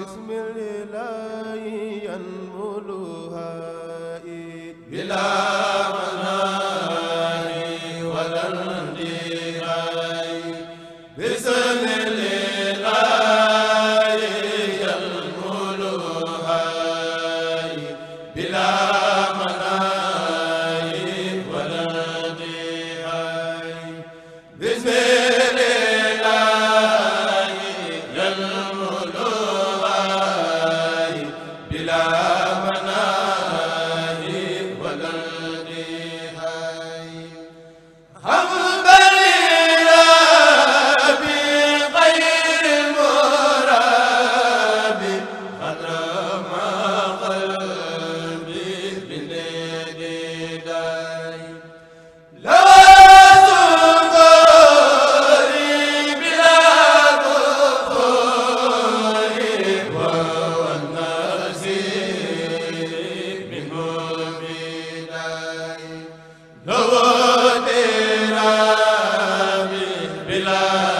بسم الله ينملها بلا bila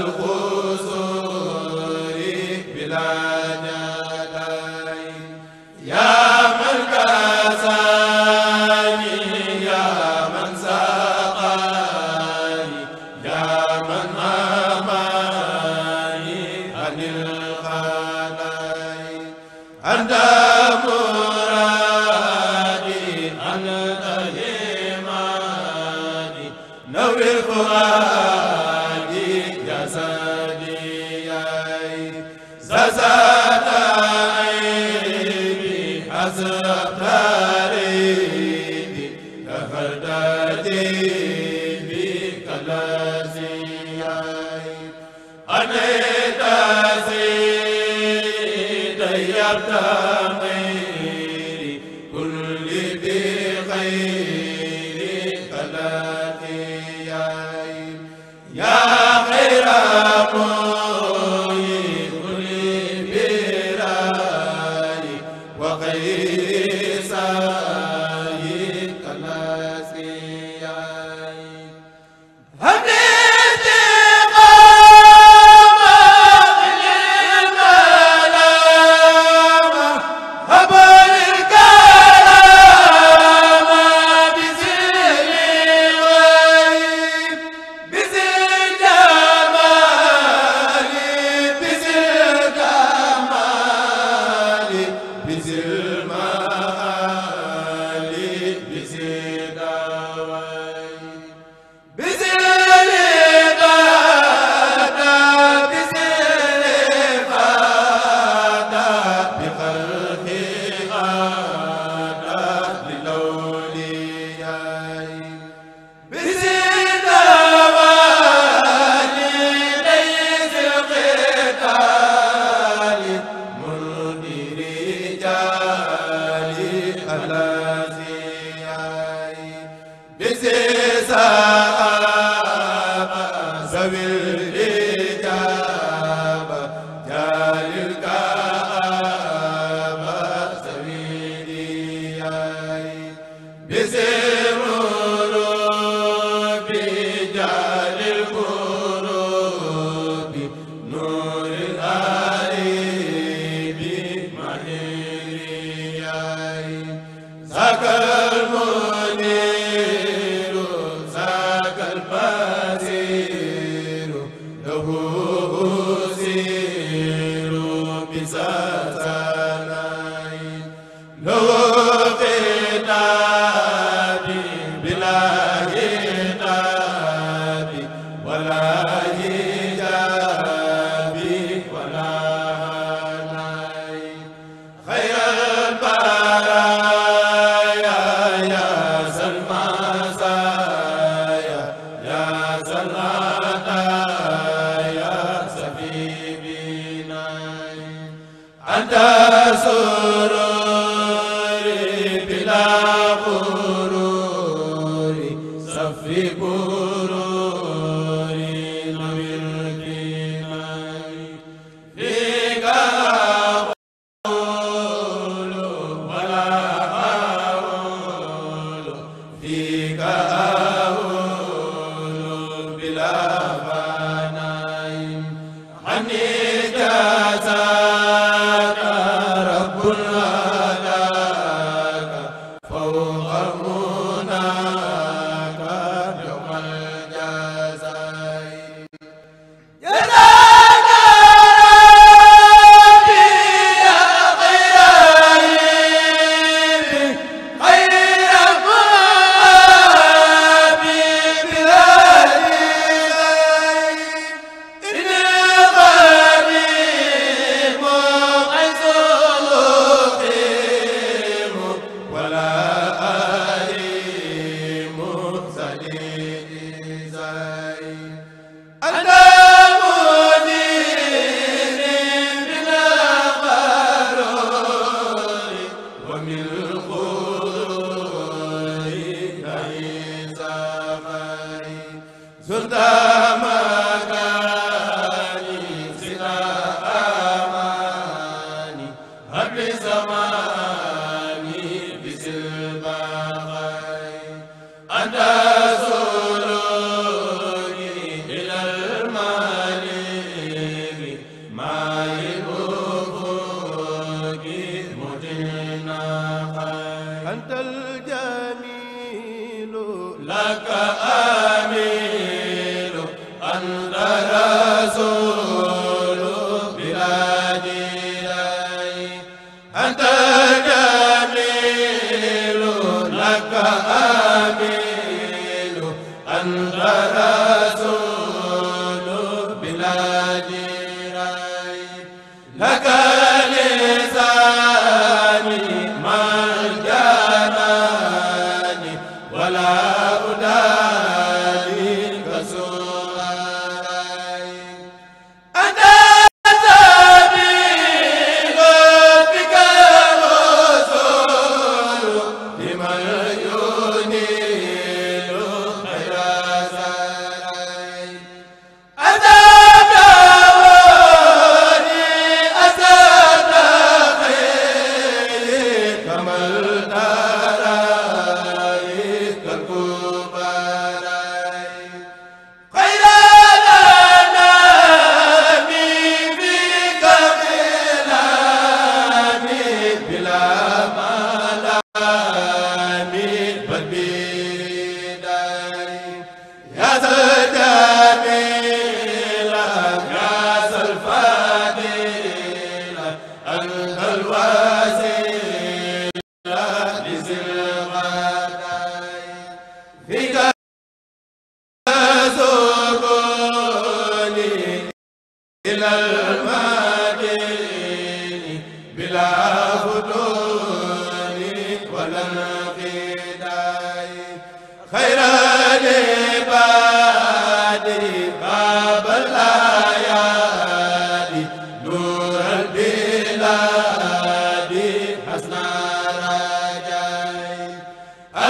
al bese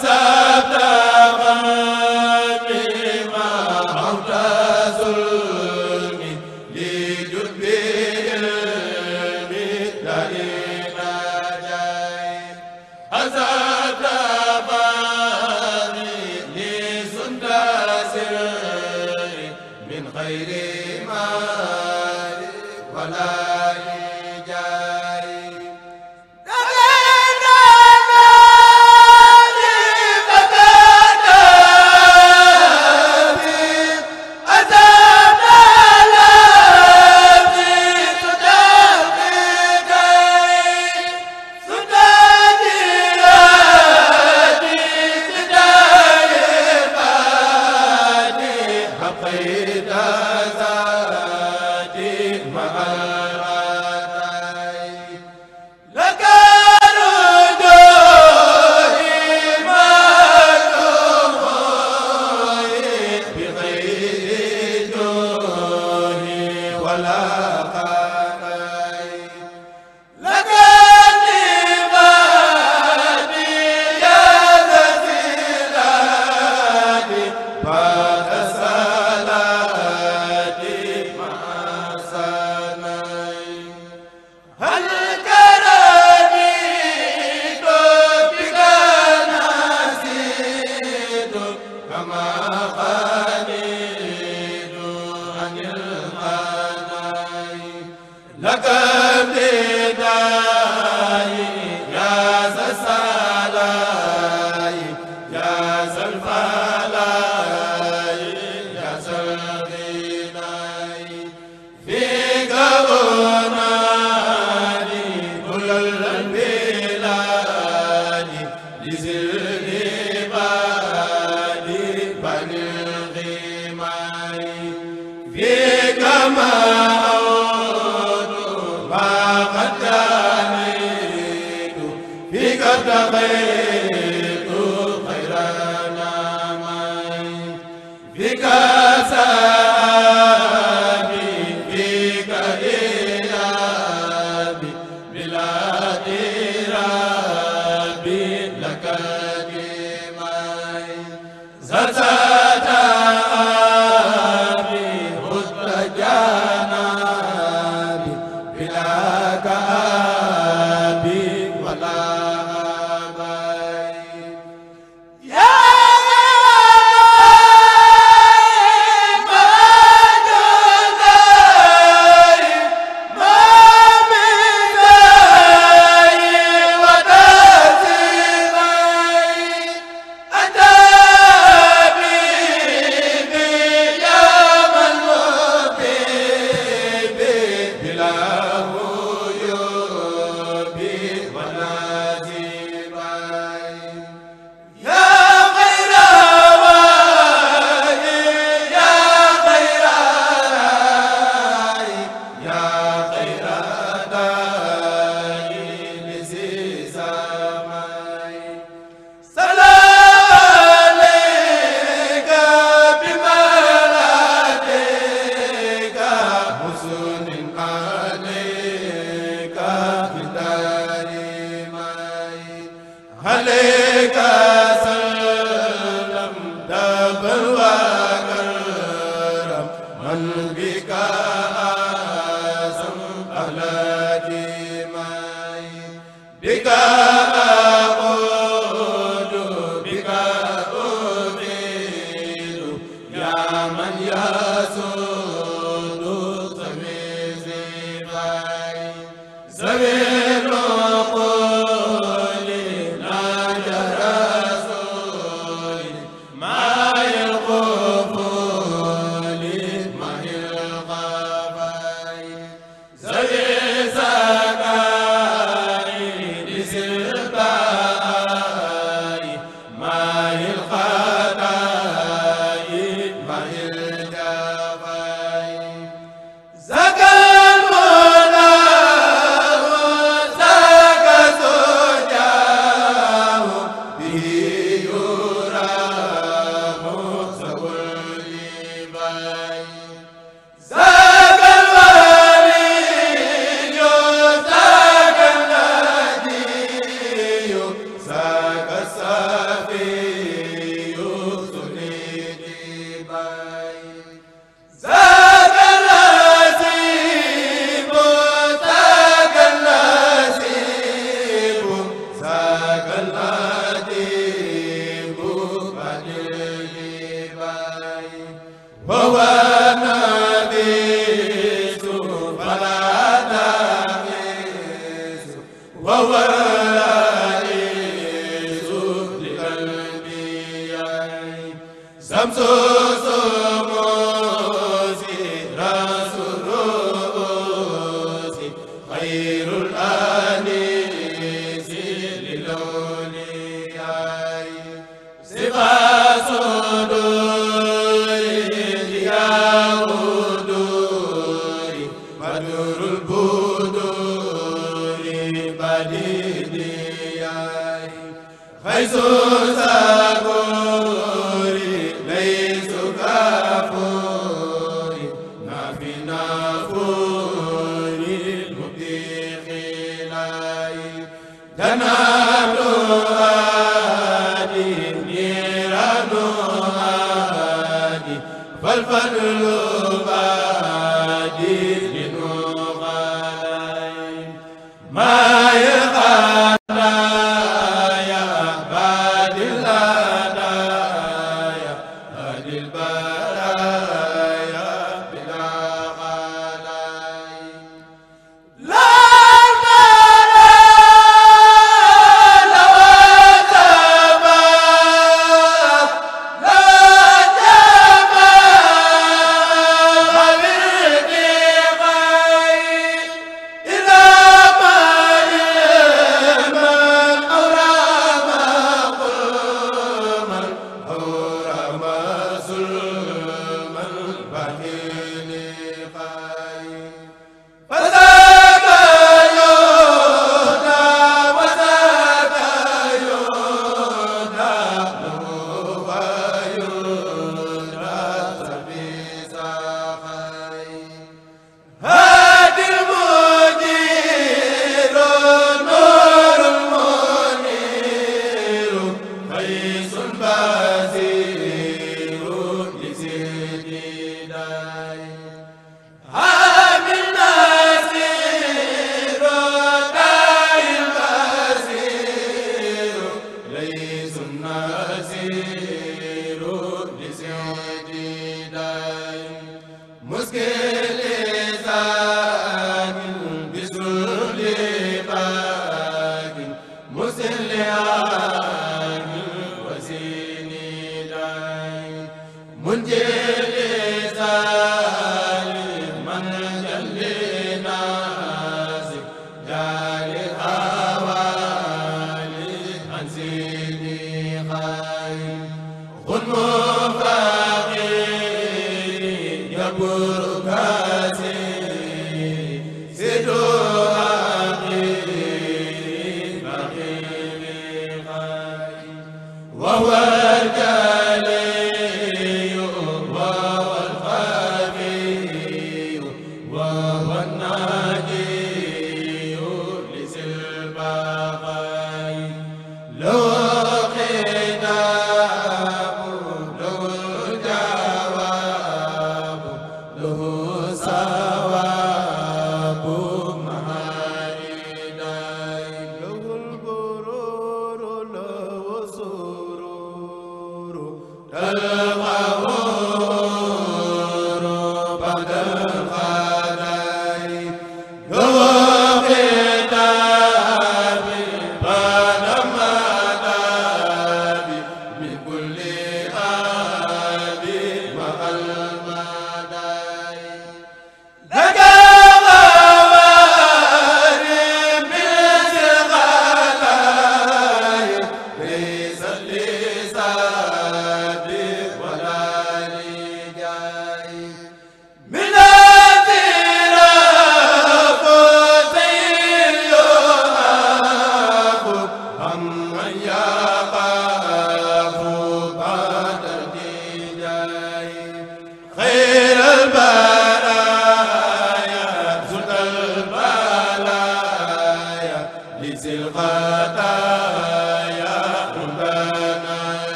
sa ka haysu الكاسي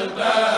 alta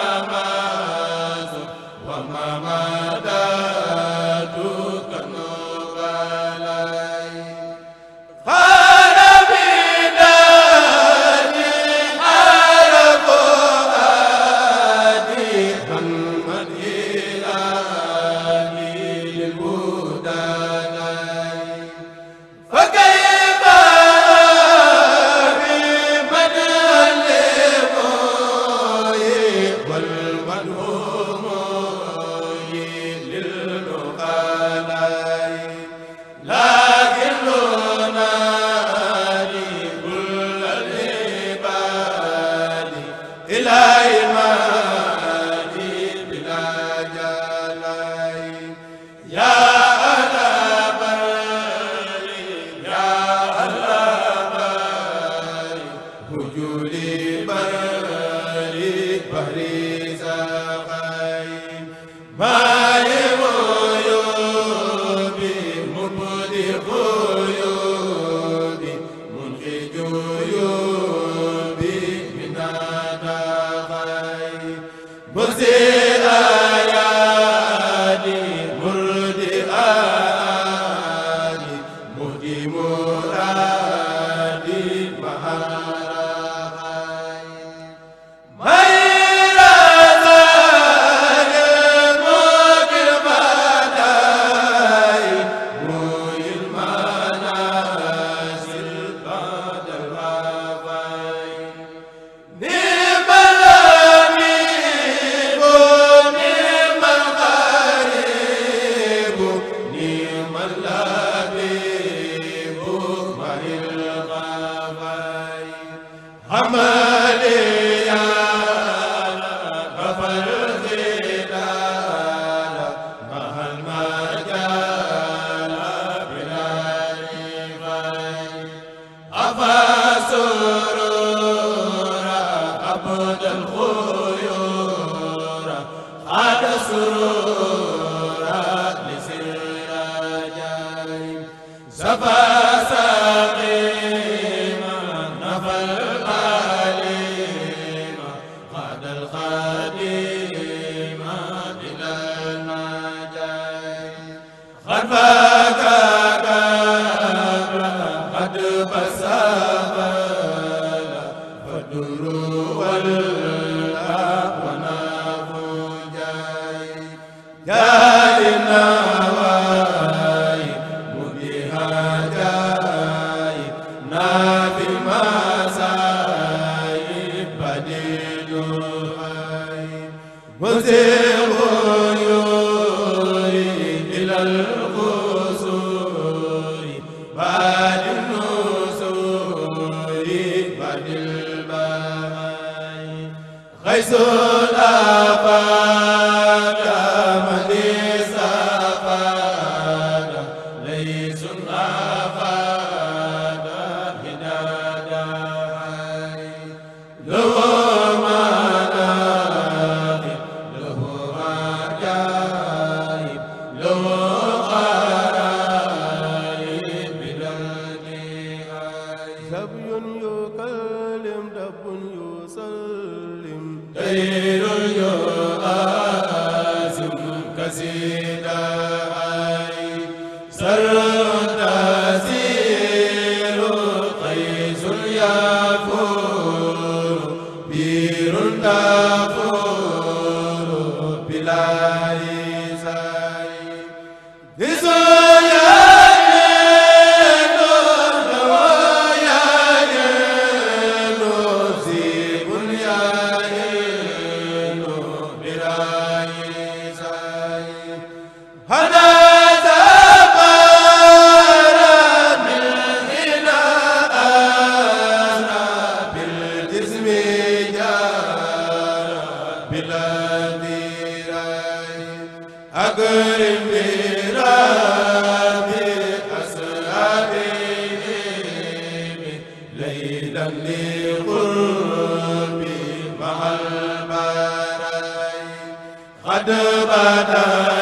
waa xad bada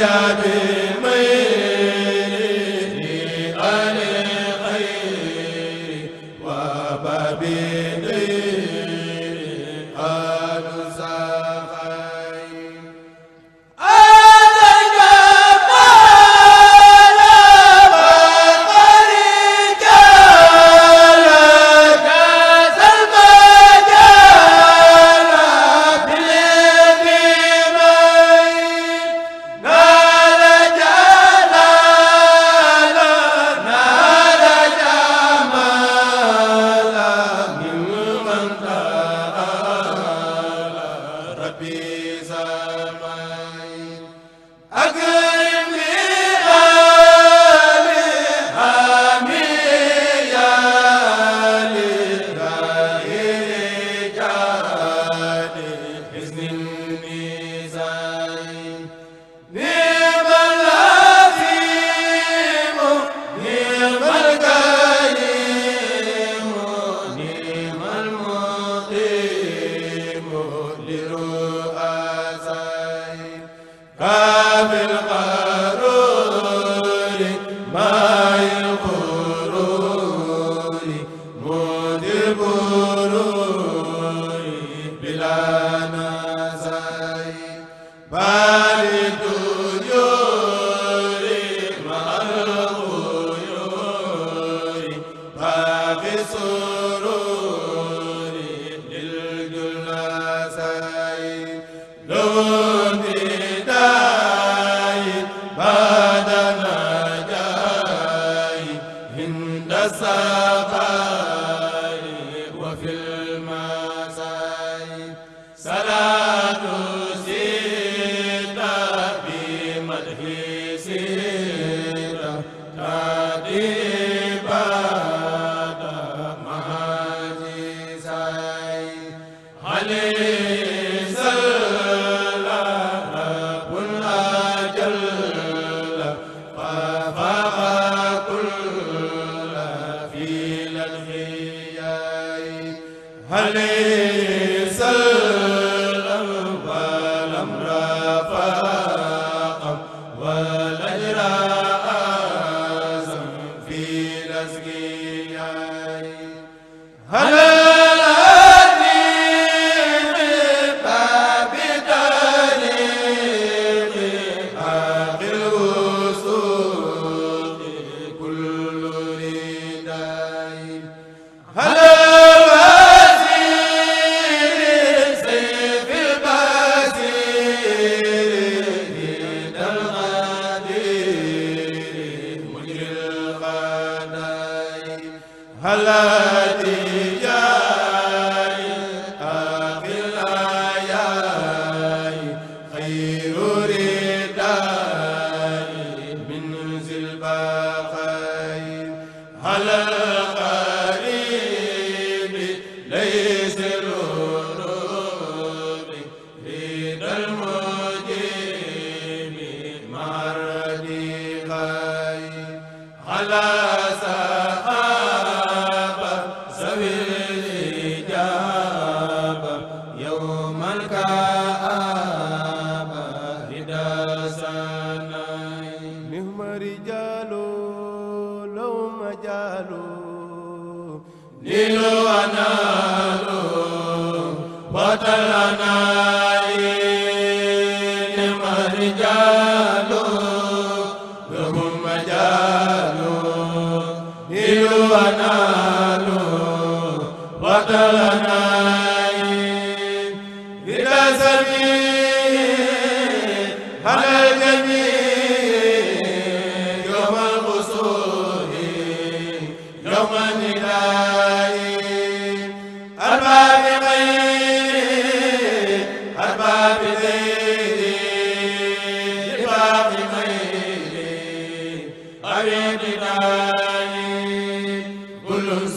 jaabi Amen.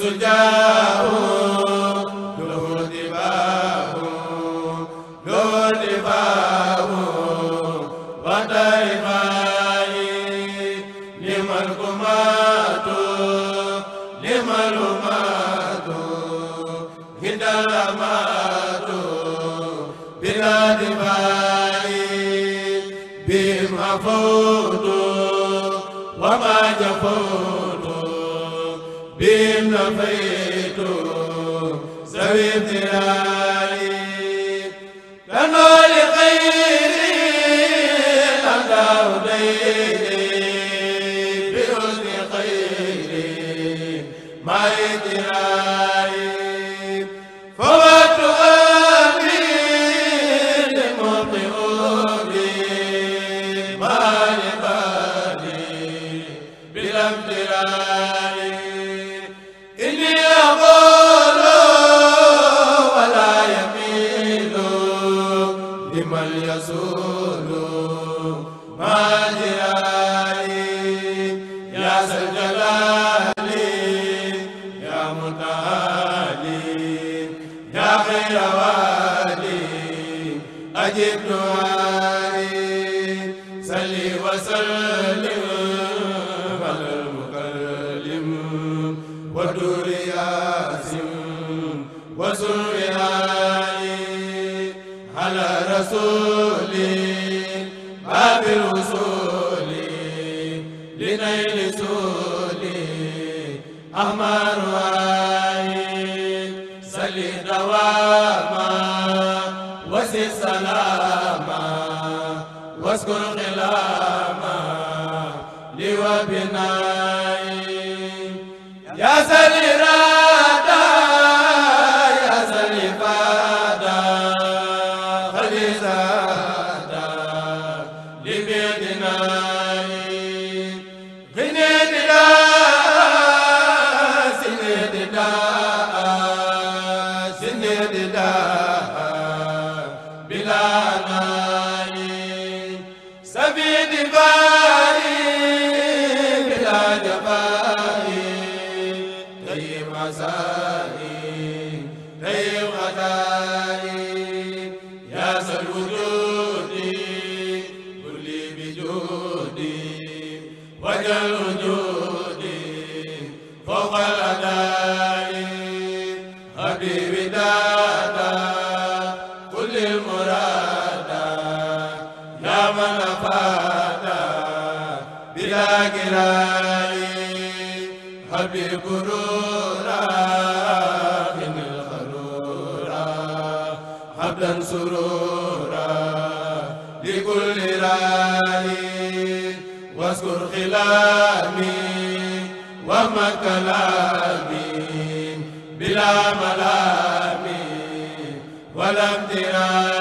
su ja fay a maay sabi di baari ظلامي وما كلامي بلا ملامي ولا امتنان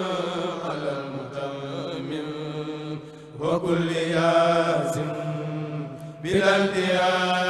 كل ياس بلا انتهاء